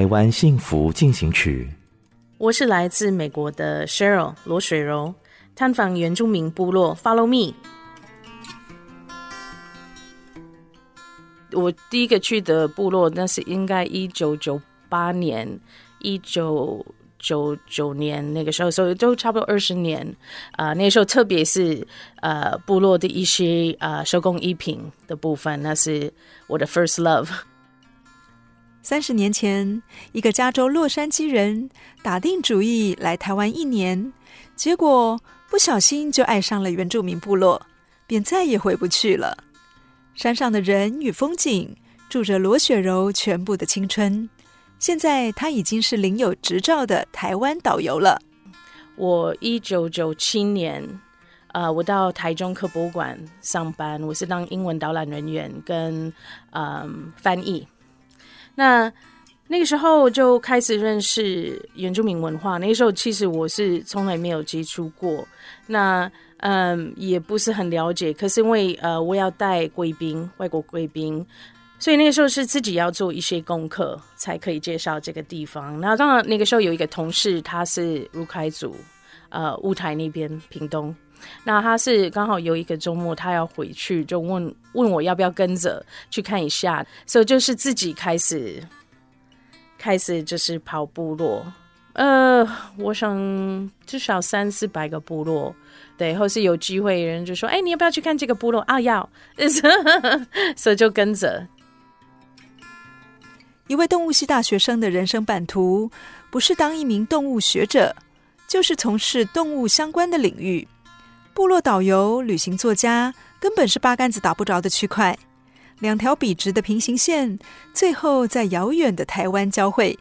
台灣幸福進行曲。我是來自美國的 Cheryl 羅雪柔，探訪原住民部落。Follow me。我第一個去的部落，那是應該一九九八年，一九九九年那個時候，所以都差不多二十年啊，呃。那時候特別，特別是呃，部落的一些啊手、呃、工藝品的部分，那是我的 first love。三十年前，一個加州洛杉磯人打定主意來台灣一年，結果不小心就愛上了原住民部落，便再也回不去了。山上的人與風景，住着羅雪柔全部的青春。現在她已經是領有執照的台灣導遊了。我一九九七年，啊、呃，我到台中科博物館上班，我是當英文導覽人員跟嗯、呃、翻譯。那那個時候就開始認識原住民文化。那個時候其實我是從來沒有接觸過，那嗯也不是很了解。可是因為呃我要帶貴賓，外國貴賓，所以那個時候是自己要做一些功課才可以介紹這個地方。那當然那個時候有一個同事，他是魯凱族，呃霧台那邊屏東。那他是剛好有一個周末，他要回去，就問問我要不要跟着去看一下。所以就是自己開始，開始就是跑部落。呃，我想至少三四百個部落，對，或是有機會人就說：“哎，你要不要去看這個部落？”啊，要，所以就跟着。一位動物系大學生的人生版圖，不是當一名動物學者，就是從事動物相關的領域。部落導遊、旅行作家，根本是八竿子打不着的區塊。兩條筆直的平行線，最後在遙遠的台灣交匯，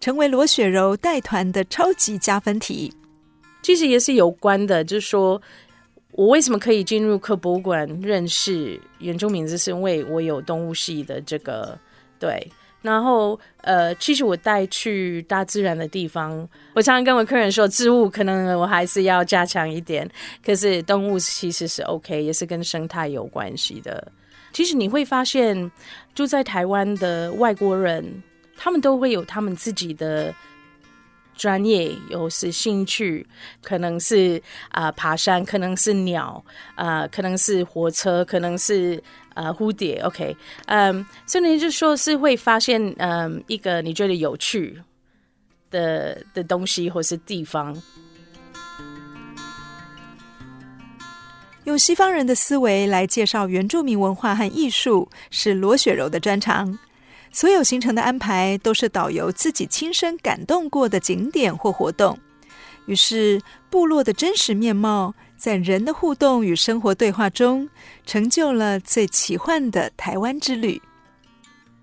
成為羅雪柔帶團的超級加分題。其實也是有關的，就是說我為什麼可以進入科博物館認識原住民，就是因為我有動物系的這個對。然後，呃，其實我帶去大自然的地方，我常常跟我客人說，植物可能我還是要加強一點。可是動物其實是 OK，也是跟生態有關係的。其實你會發現，住在台灣的外國人，他們都會有他們自己的專業，有時興趣可能是啊、呃、爬山，可能是鳥啊、呃，可能是火車，可能是。啊，uh, 蝴蝶，OK，嗯，所以呢，就說是會發現，嗯、um,，一個你覺得有趣的的東西或是地方。用西方人的思維來介紹原住民文化和藝術，是羅雪柔的專長。所有行程的安排都是導遊自己親身感動過的景點或活動。於是，部落的真實面貌。在人的互動與生活對話中，成就了最奇幻的台灣之旅。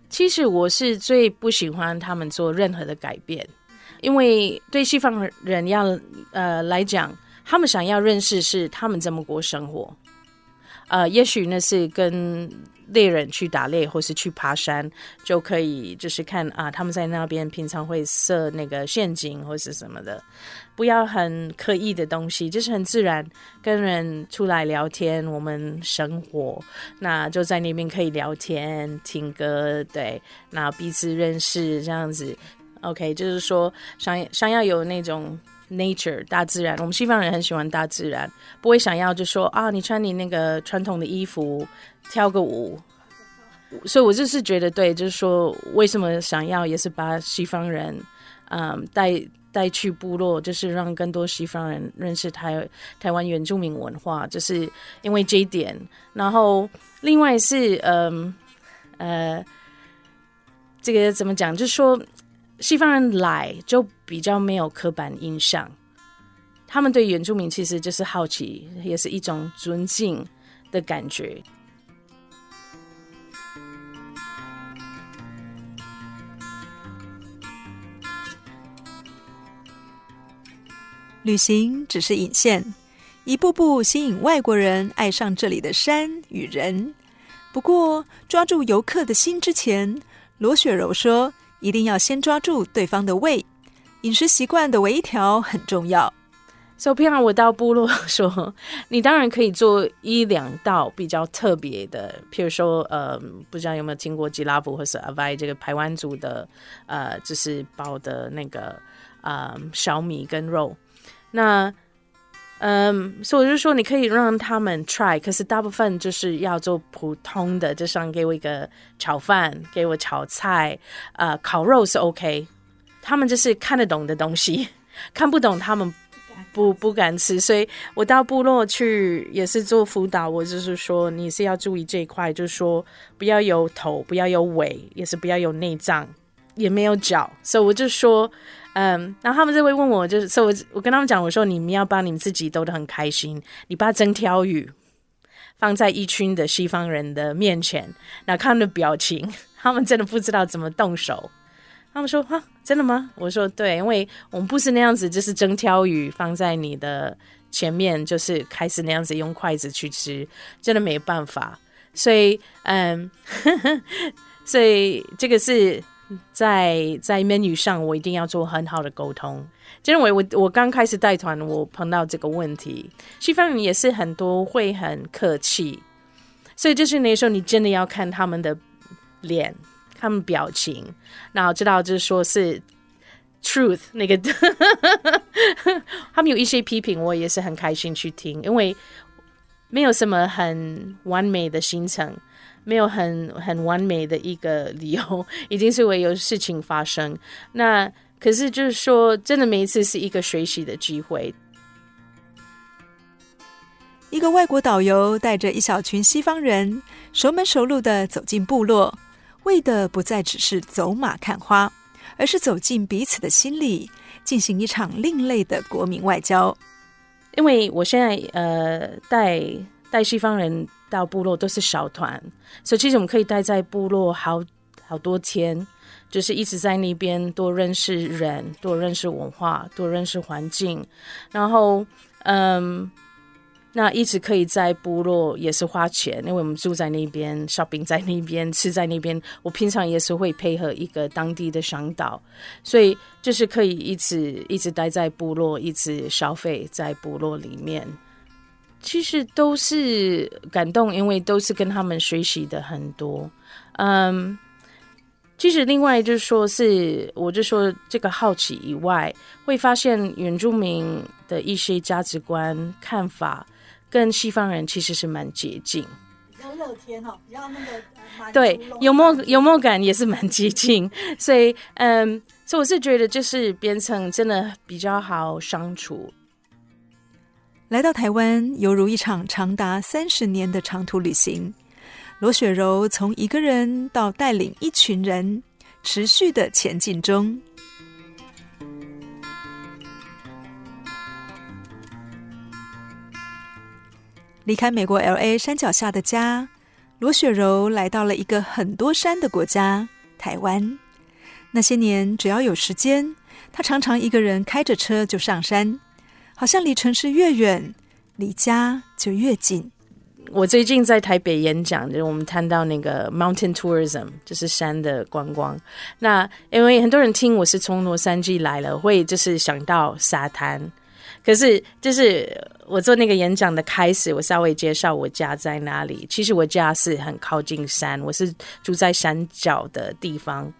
其實我是最不喜歡他們做任何的改變，因為對西方人要呃來講，他們想要認識是他們怎麼過生活。呃，也許那是跟獵人去打獵，或是去爬山，就可以就是看啊，他們在那邊平常會設那個陷阱或是什麼的，不要很刻意的東西，就是很自然跟人出來聊天。我們生活，那就在那邊可以聊天、聽歌，對，那彼此認識這樣子。OK，就是說想想要有那種。Nature，大自然。我們西方人很喜歡大自然，不會想要就說啊，你穿你那個傳統的衣服，跳個舞。所以，我就是覺得，對，就是說，為什麼想要也是把西方人，嗯，帶帶去部落，就是讓更多西方人認識台台灣原住民文化，就是因為這一點。然後，另外是，嗯，呃，這個怎麼講？就是說。西方人來就比較沒有刻板印象，他們對原住民其實就是好奇，也是一種尊敬的感覺。旅行只是引線，一步步吸引外國人愛上這裡的山與人。不過，抓住遊客的心之前，羅雪柔說。一定要先抓住對方的胃，飲食習慣的微調很重要。So，平常我到部落說，你當然可以做一兩道比較特別的，譬如說，呃，不知道有沒有聽過吉拉布或是阿拜這個排灣族的，呃，就是包的那個啊、呃、小米跟肉，那。嗯，所以我就說你可以讓他們 try，可是大部分就是要做普通的，就像給我一個炒飯，給我炒菜，啊、呃，烤肉是 OK，他們就是看得懂的東西，看不懂他們不不敢吃。所以我到部落去也是做輔導，我就是說你是要注意這一塊，就是說不要有頭，不要有尾，也是不要有內臟，也沒有腳，所以我就說。嗯，然後他們就會問我，就是說，所以我我跟他們講，我說你們要把你們自己逗得很開心。你把整條魚放在一群的西方人的面前，那看的表情，他們真的不知道怎麼動手。他們說啊，真的嗎？我說對，因為我們不是那樣子，就是整條魚放在你的前面，就是開始那樣子用筷子去吃，真的沒辦法。所以嗯， 所以這個是。在在 menu 上，我一定要做很好的溝通。因為我我剛開始帶團，我碰到這個問題。西方人也是很多會很客氣，所以就是那時候你真的要看他們的臉、他們表情，然後知道就是說是 truth 那個。 他們有一些批評，我也是很開心去聽，因為沒有什麼很完美的行程。沒有很很完美的一個理由，已經是為有事情發生。那可是就是說，真的每一次是一個學習的機會。一個外國導遊帶着一小群西方人，熟門熟路的走進部落，為的不再只是走馬看花，而是走進彼此的心裡，進行一場另類的國民外交。因為我現在呃帶帶西方人。到部落都是小團，所以其實我們可以待在部落好好多天，就是一直在那邊多認識人，多認識文化，多認識環境。然後，嗯，那一直可以在部落也是花錢，因為我們住在那邊，shopping 在那邊，吃在那邊。我平常也是會配合一個當地的嚮導，所以就是可以一直一直待在部落，一直消費在部落裡面。其實都是感動，因為都是跟他們學習的很多。嗯，其實另外就是說是，是我就說這個好奇以外，會發現原住民的一些價值觀、看法，跟西方人其實是蠻接近。比較熱天，比較那個對，幽默幽默感也是蠻接近。 所以，嗯，所以我是覺得，就是編程真的比較好相處。來到台灣，猶如一場長達三十年的長途旅行。羅雪柔從一個人到帶領一群人，持續的前進中。離開美國 LA 山腳下的家，羅雪柔來到了一個很多山的國家——台灣。那些年，只要有時間，她常常一個人開着車就上山。好像離城市越遠，離家就越近。我最近在台北演講，就是，我們談到那個 mountain tourism，就是山的觀光。那因為很多人聽我是從洛杉磯來了，會就是想到沙灘。可是就是我做那個演講的開始，我稍微介紹我家在哪裡。其實我家是很靠近山，我是住在山腳的地方。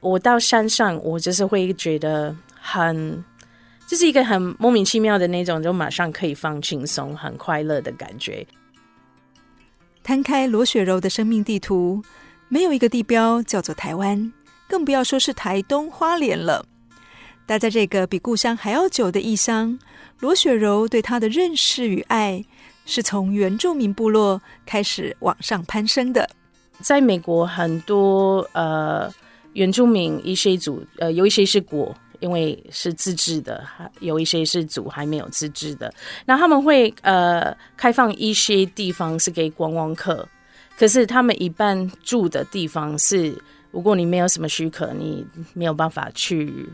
我到山上，我就是會覺得很。這是一個很莫名其妙的那種，就馬上可以放輕鬆、很快樂的感覺。攤開羅雪柔的生命地圖，沒有一個地標叫做台灣，更不要說是台東花蓮了。待在這個比故鄉還要久的異鄉，羅雪柔對他的認識與愛，是從原住民部落開始往上攀升的。在美國，很多呃原住民，一些族，呃有一些是國。因為是自治的，還有一些是族還沒有自治的，那他們會呃開放一些地方是給觀光客，可是他們一般住的地方是，如果你沒有什麼許可，你沒有辦法去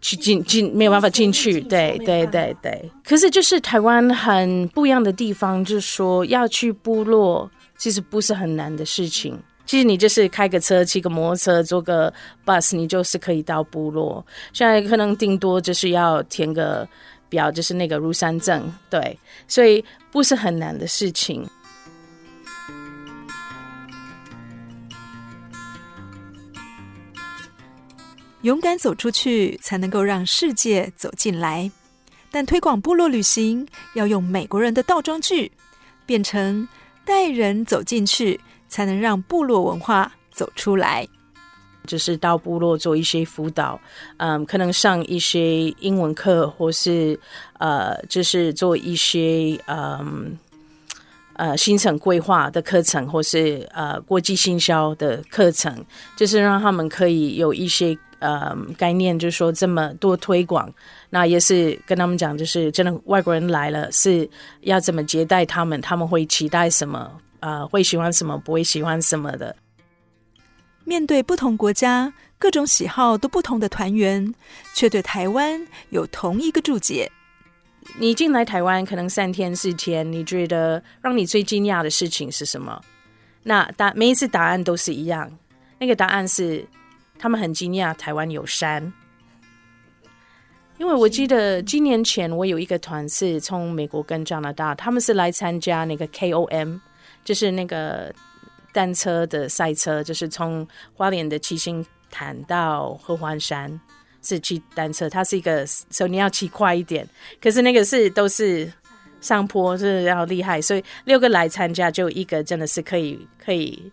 去進進，沒有辦法進去。進去，對對對對，對，可是就是台灣很不一樣的地方，就是說要去部落，其實不是很難的事情。其實你就是開個車、騎個摩托車、坐個 bus，你就是可以到部落。現在可能頂多就是要填個表，就是那個入山證，對，所以不是很難的事情。勇敢走出去，才能夠讓世界走進來。但推廣部落旅行，要用美國人的倒裝句，變成帶人走進去。才能讓部落文化走出來，就是到部落做一些輔導，嗯、呃，可能上一些英文課，或是呃，就是做一些嗯，呃、呃行程規劃的課程，或是呃國際行銷的課程，就是讓他們可以有一些呃概念，就是說這麼多推廣，那也是跟他們講，就是真的外國人來了是要怎麼接待他們，他們會期待什麼？啊、呃，會喜歡什麼？不會喜歡什麼的。面對不同國家、各種喜好都不同的團員，卻對台灣有同一個注解。你進來台灣，可能三天四天，你覺得讓你最驚訝的事情是什麼？那答每一次答案都是一樣，那個答案是他們很驚訝台灣有山。因為我記得幾年前，我有一個團是從美國跟加拿大，他們是來參加那個 KOM。就是那個單車的賽車，就是從花蓮的七星潭到合歡山，是騎單車，它是一個，所以你要騎快一點。可是那個是都是上坡，是要厲害，所以六個來參加，就一個真的是可以可以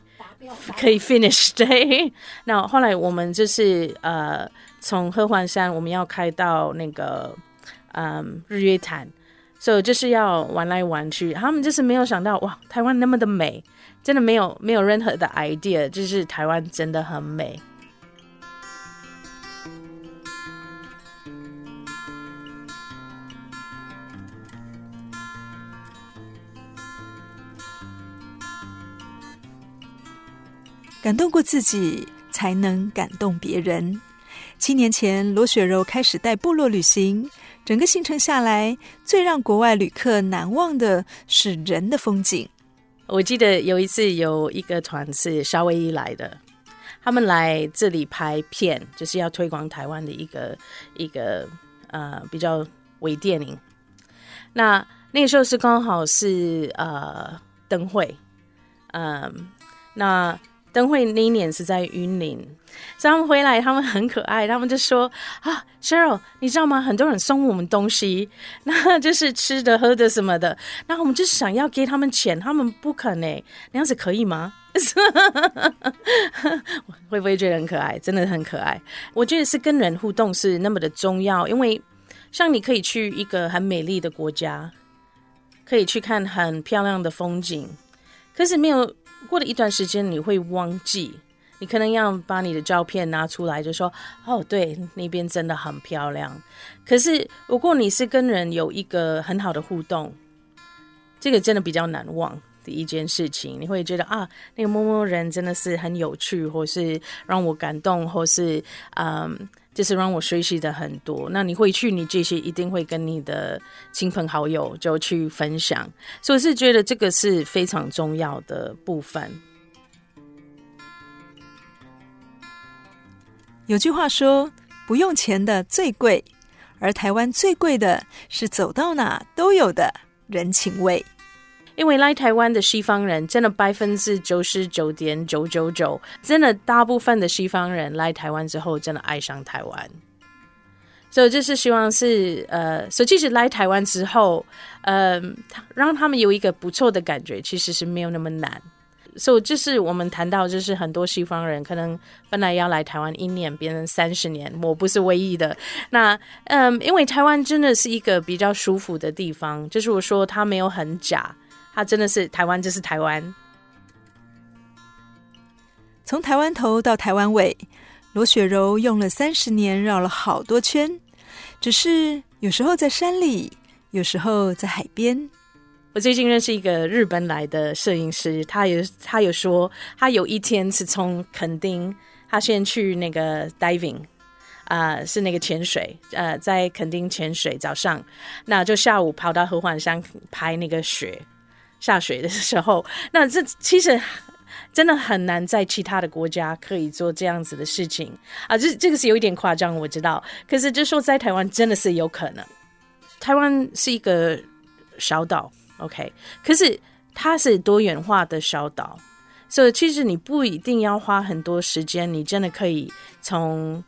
可以 finish 對。那 後，後來我們就是呃，從合歡山我們要開到那個嗯、呃、日月潭。所以、so, 就是要玩來玩去，他們就是沒有想到哇，台灣那麼的美，真的沒有沒有任何的 idea，就是台灣真的很美。感動過自己，才能感動別人。七年前，羅雪柔開始帶部落旅行。整個行程下來，最讓國外旅客難忘的是人的風景。我記得有一次有一個團是夏威夷來的，他們來這裡拍片，就是要推廣台灣的一個一個呃比較微電影。那那個、時候是剛好是呃燈會，嗯、呃，那。燈會那一年是在雲林，所以他們回來，他們很可愛，他們就說：“啊，Cheryl，你知道嗎？很多人送我們東西，那就是吃的、喝的什麼的。然後我們就想要給他們錢，他們不肯哎、欸，那樣子可以嗎？ 會不會覺得很可愛？真的很可愛。我覺得是跟人互動是那麼的重要，因為像你可以去一個很美麗的國家，可以去看很漂亮的風景，可是沒有。”過了一段時間，你會忘記。你可能要把你的照片拿出來，就說：“哦，對，那邊真的很漂亮。”可是，如果你是跟人有一個很好的互動，這個真的比較難忘的一件事情。你會覺得啊，那個某某人真的是很有趣，或是讓我感動，或是嗯。就是讓我學習的很多。那你回去，你這些一定會跟你的親朋好友就去分享。所以我是覺得這個是非常重要的部分。有句話說：“不用錢的最貴”，而台灣最貴的是走到哪都有的人情味。因為來台灣的西方人，真的百分之九十九點九九九，真的大部分的西方人來台灣之後，真的愛上台灣。所以就是希望是呃，所以其實來台灣之後，嗯、呃，讓他們有一個不錯的感覺，其實是沒有那麼難。所以就是我們談到，就是很多西方人可能本來要來台灣一年，變成三十年。我不是唯一的。那嗯、呃，因為台灣真的是一個比較舒服的地方，就是我說它沒有很假。他真的是台灣，就是台灣。從台灣頭到台灣尾，羅雪柔用了三十年，繞了好多圈。只是有時候在山裡，有時候在海邊。我最近認識一個日本來的攝影師，他有他有說，他有一天是從墾丁，他先去那個 diving 啊，呃，是那個潛水，呃，在墾丁潛水，早上，那就下午跑到合歡山拍那個雪。下水的時候，那這其實真的很難在其他的國家可以做這樣子的事情。啊，這這個是有一點誇張，我知道。可是就說在台灣真的是有可能，台灣是一個小島，OK，可是它是多元化的小島，所以其實你不一定要花很多時間，你真的可以從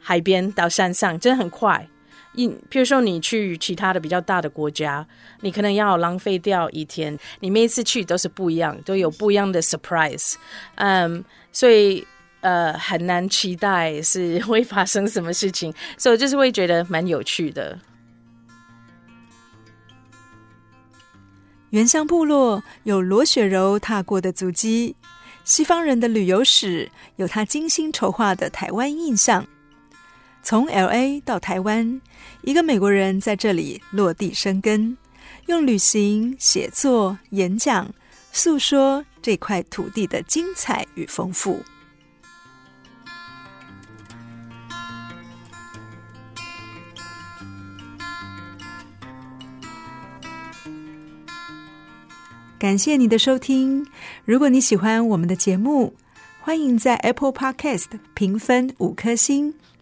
海邊到山上，真的很快。一，譬如說，你去其他的比較大的國家，你可能要浪費掉一天。你每一次去都是不一樣，都有不一樣的 surprise。嗯、um，所以呃很難期待是會發生什麼事情，所以，so, 我就是會覺得蠻有趣的。原鄉部落有羅雪柔踏過的足跡，西方人的旅遊史有她精心籌劃的台灣印象。從 LA 到台灣，一個美國人在這裡落地生根，用旅行、寫作、演講訴說這塊土地的精彩與豐富。感謝你的收聽。如果你喜歡我們的節目，歡迎在 Apple Podcast 評分五顆星。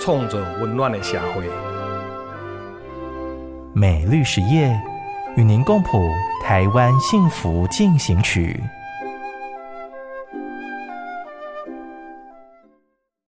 創造溫暖的社會。美律實業與您共譜台灣幸福進行曲。